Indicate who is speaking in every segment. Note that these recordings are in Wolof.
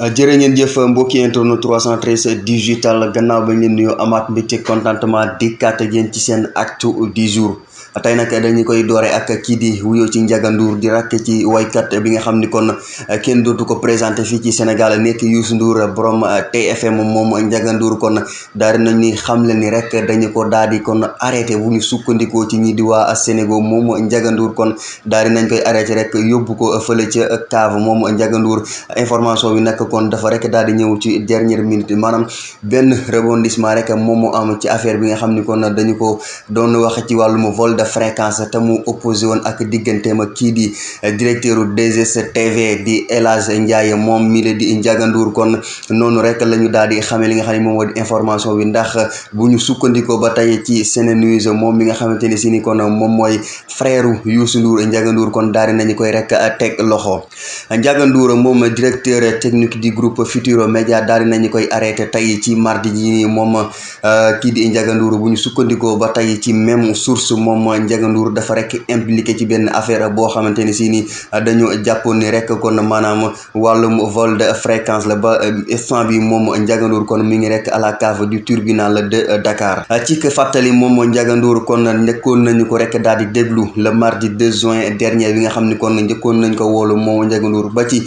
Speaker 1: Euh, jërë ngeen jëf mbokki internet 313 digital gannaaw ba ngeen nuyoo amaat mbégte contentement di ak yéen ci seen actu du jour tey nag dañu koy doore ak kii di wuyoo ci Ndiaga Ndour di rakk ci waykat bi nga xam ni kon euh, kenn dootu ko présenté fii ci Sénégal nekk Youssou nduur borom euh, TFM moom Ndiaga Ndour kon daal di nañu xam le ni rek dañu ko daal di kon arrêté bu ñu sukkandikoo ci ñi di waa Sénégal moom Ndiaga Ndour kon daal nañ koy arrêté rek yóbbu ko fële ca cave moom Ndiaga information bi nag kon dafa rek daal di ñëw ci dernière minute maanaam benn rebondissement rek moom moo am ci affaire bi nga xam ni kon dañu ko doon wax ci wàllu vol de fréquence te mu opposé woon ak digganteem ak kii di directeur u 2 di El Hadj moom mi di Ndiaga Ndour kon noonu rek la ñu daal di xamee li nga xam ne moom moo information bi ndax bu ñu sukkandikoo ba tey ci Senenews moom mi nga xamante ni si ni kon moom mooy frère Youssou Ndour Ndiaga Ndour kon daal di nañu koy rek teg loxo Ndiaga moom directeur technique di groupe Futurs média daal di nañu koy arrêté tey ci mardi ji moom euh, kii di Ndiaga Ndour bu ba tey ci même source moom Ndiaga Ndour dafa rek impliqué ci benn affaire boo xamante ni si ni euh, dañu jàppoon ni rek kon maanaam wàllum vol de fréquence la ba euh, instant bi moom Ndiaga Ndour kon mi ngi rek à la cave du tribunal de Dakar ci fàttali moom Ndiaga Ndour kon nekkoon nañu ko rek daal di déglu le mardi 2 juin dernier bi nga xam ni kon njëkkoon nañ ko woolu moom Ndiaga ba ci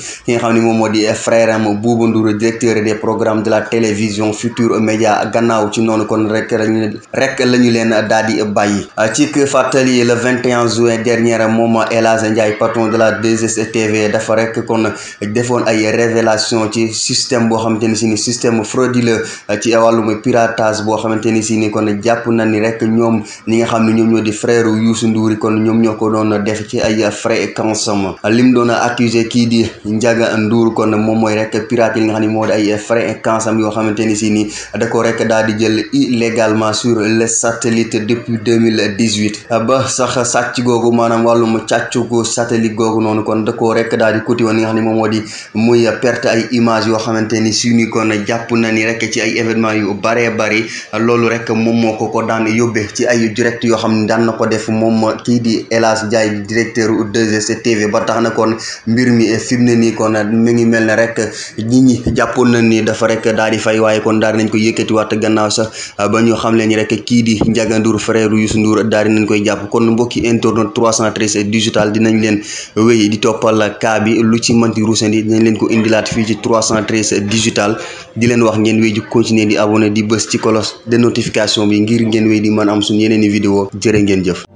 Speaker 1: Thiam Bouba Ndour directeur des programmes de la télévision Futur Média gannaaw ci noonu kon rek lañu rek ñu leen daal di bàyyi ci fàttali le 21 juin dernier moom El Hadj Ndiaye patron de la des 2STV dafa rek kon defoon ay révélation ci système boo xamante ni si ni système frauduleux ci wàllum piratage boo xamante ni si ni kon jàpp na ni rek ñoom ñi nga xam ne ñoom ñoo di frère Youssou Ndour kon ñoom ñoo ko doon def ci ay fréquence am lim doon accusé kii di Ndiaga Ndour kon moom mooy rek rek pirater li nga xam ne moo di ay fréquence am yoo xamante ni si ni da ko rek daal di jël illégalement sur le satellite depuis ba sax sàcc googu maanaam wàllum càccugu satellite googu noonu kon da koo rek daal di kuti woon li nga moom moo di muy perte ay image yoo xamante ni si ni kon jàpp na ni rek ci ay événement yu baree bari loolu rek moom moo ko ko daan yóbbee ci ay direct yoo xam ne daan na ko def moom kii di El Hadj Ndiaye directeur 2STV ba tax na kon mbir mi fi mu ne nii kon mi ngi mel ne rek nit ñi jàppoon nañ ni dafa rek daal di fay waaye kon daal di nañ koy yëkkatiwaat gannaaw sax ba ñu xam leen ni rek kii di Ndiaga Ndour frère Youssou Ndour daal di nañ koy jàpp kon mbokki internet 313 digital dinañ leen wéy di toppal kaa bi lu ci mënti ruusandi dinañ leen ko indilaat fii ci 313 digital di leen wax ngeen wéy di continuer di abonné di bës ci kolos de notification bi ngir ngeen wéy di mën am suñu yeneen i vidéo jërë ngeen jëf